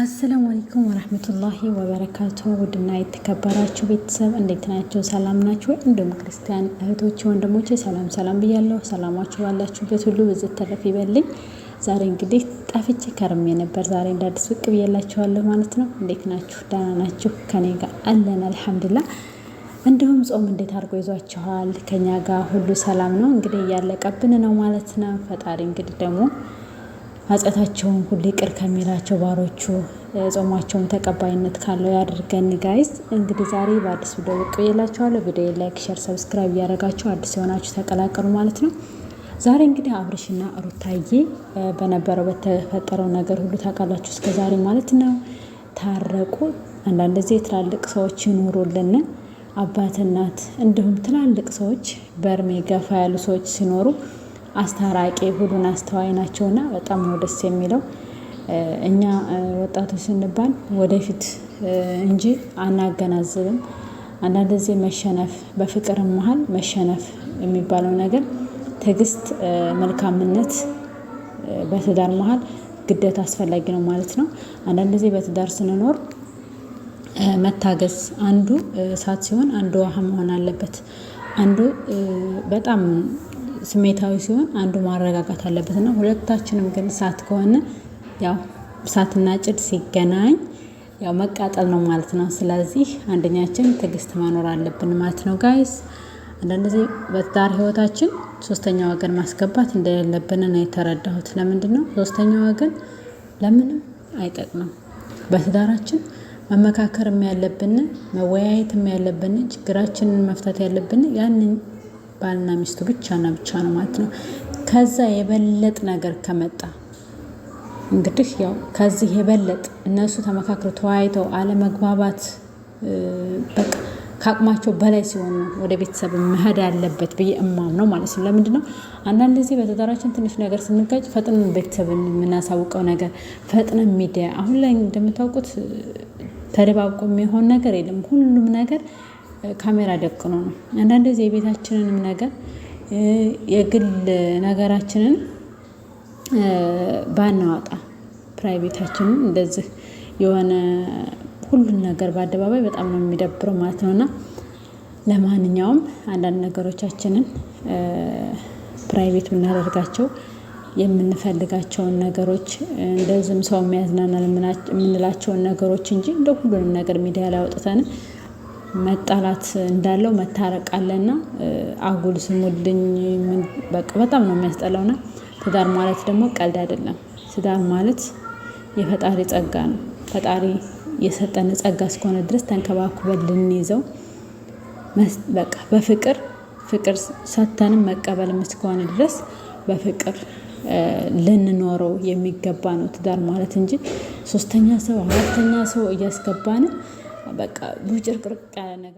አሰላሙ አለይኩም ወረህመቱላሂ ወበረካቱ። ውድና የተከበራችሁ ቤተሰብ እንዴት ናቸው? ሰላም ናችሁ? እንዲሁም ክርስቲያን እህቶቼ ወንድሞቼ ሰላም ሰላም ብያለሁ። ሰላማችሁ ባላችሁበት ሁሉ ብዝት ተረፍ ይበልኝ። ዛሬ እንግዲህ ጠፍቼ ከርሜ ነበር። ዛሬ እንደ አዲስ ብቅ ብያላችኋለሁ ማለት ነው። እንዴት ናችሁ? ደህና ናችሁ? ከኔ ጋር አለን አልሐምዱሊላህ። እንዲሁም ጾም እንዴት አድርጎ ይዟችኋል? ከኛ ጋር ሁሉ ሰላም ነው። እንግዲህ እያለቀብን ነው ማለት ነው። ፈጣሪ እንግዲህ ደግሞ ኃጢአታቸውን ሁሉ ይቅር ከሚላቸው ባሮቹ ጾማቸውን ተቀባይነት ካለው ያድርገን። ጋይዝ እንግዲህ ዛሬ በአዲስ ቪዲዮ ብቅ ብያላችኋለሁ። ቪዲዮ ላይክ፣ ሸር፣ ሰብስክራይብ እያደረጋችሁ አዲስ የሆናችሁ ተቀላቀሉ ማለት ነው። ዛሬ እንግዲህ አብርሽና ሩታዬ በነበረው በተፈጠረው ነገር ሁሉ ታውቃላችሁ እስከ ዛሬ ማለት ነው። ታረቁ። አንዳንድ ጊዜ ትላልቅ ሰዎች ይኖሩልን አባት እናት፣ እንዲሁም ትላልቅ ሰዎች በእድሜ ገፋ ያሉ ሰዎች ሲኖሩ አስታራቂ ሁሉን አስተዋይ ናቸውና በጣም ነው ደስ የሚለው። እኛ ወጣቶች ስንባል ወደፊት እንጂ አናገናዝብም። አንዳንድ ጊዜ መሸነፍ በፍቅር መሀል መሸነፍ የሚባለው ነገር ትዕግስት፣ መልካምነት በትዳር መሀል ግዴታ አስፈላጊ ነው ማለት ነው። አንዳንድ ጊዜ በትዳር ስንኖር መታገዝ አንዱ እሳት ሲሆን አንዱ ውሃ መሆን አለበት። አንዱ በጣም ስሜታዊ ሲሆን አንዱ ማረጋጋት አለበት እና ሁለታችንም ግን እሳት ከሆነ ያው እሳትና ጭድ ሲገናኝ ያው መቃጠል ነው ማለት ነው። ስለዚህ አንደኛችን ትዕግስት መኖር አለብን ማለት ነው ጋይስ። አንዳንድ ጊዜ በትዳር ህይወታችን ሶስተኛ ወገን ማስገባት እንደሌለብን ነው የተረዳሁት። ለምንድን ነው ሶስተኛ ወገን ለምንም አይጠቅምም። በትዳራችን መመካከርም ያለብን መወያየትም ያለብን ችግራችንን መፍታት ያለብን ያንን ባልና ሚስቱ ብቻና ብቻ ነው ማለት ነው። ከዛ የበለጥ ነገር ከመጣ እንግዲህ ያው ከዚህ የበለጥ እነሱ ተመካክረው ተወያይተው አለመግባባት በቃ ከአቅማቸው በላይ ሲሆኑ ወደ ቤተሰብ መሄድ ያለበት ብዬ እማም ነው ማለት ነው። ለምንድን ነው አንዳንድ ጊዜ በተዳራችን ትንሽ ነገር ስንጋጭ ፈጥነን ቤተሰብ የምናሳውቀው ነገር ፈጥነን ሚዲያ አሁን ላይ እንደምታውቁት ተደባብቆ የሚሆን ነገር የለም ሁሉም ነገር ካሜራ ደቅኖ ነው። አንዳንድ ጊዜ የቤታችንንም ነገር የግል ነገራችንን ባናወጣ ፕራይቬታችንን እንደዚህ የሆነ ሁሉን ነገር በአደባባይ በጣም ነው የሚደብረው ማለት ነው እና ለማንኛውም አንዳንድ ነገሮቻችንን ፕራይቬት ብናደርጋቸው የምንፈልጋቸውን ነገሮች እንደዚህም ሰው የሚያዝናናል የምንላቸውን ነገሮች እንጂ እንደ ሁሉንም ነገር ሚዲያ ላይ አውጥተን መጣላት እንዳለው መታረቅ አለና አጉል ስሙልኝ በቃ በጣም ነው የሚያስጠላውና ትዳር ማለት ደግሞ ቀልድ አይደለም። ትዳር ማለት የፈጣሪ ጸጋ ነው። ፈጣሪ የሰጠን ጸጋ እስከሆነ ድረስ ተንከባክበን ልንይዘው በቃ በፍቅር ፍቅር ሰጥተንም መቀበልም እስከሆነ ድረስ በፍቅር ልንኖረው የሚገባ ነው ትዳር ማለት እንጂ ሶስተኛ ሰው አራተኛ ሰው እያስገባን በቃ ብጭርቅርቅ ያለ ነገር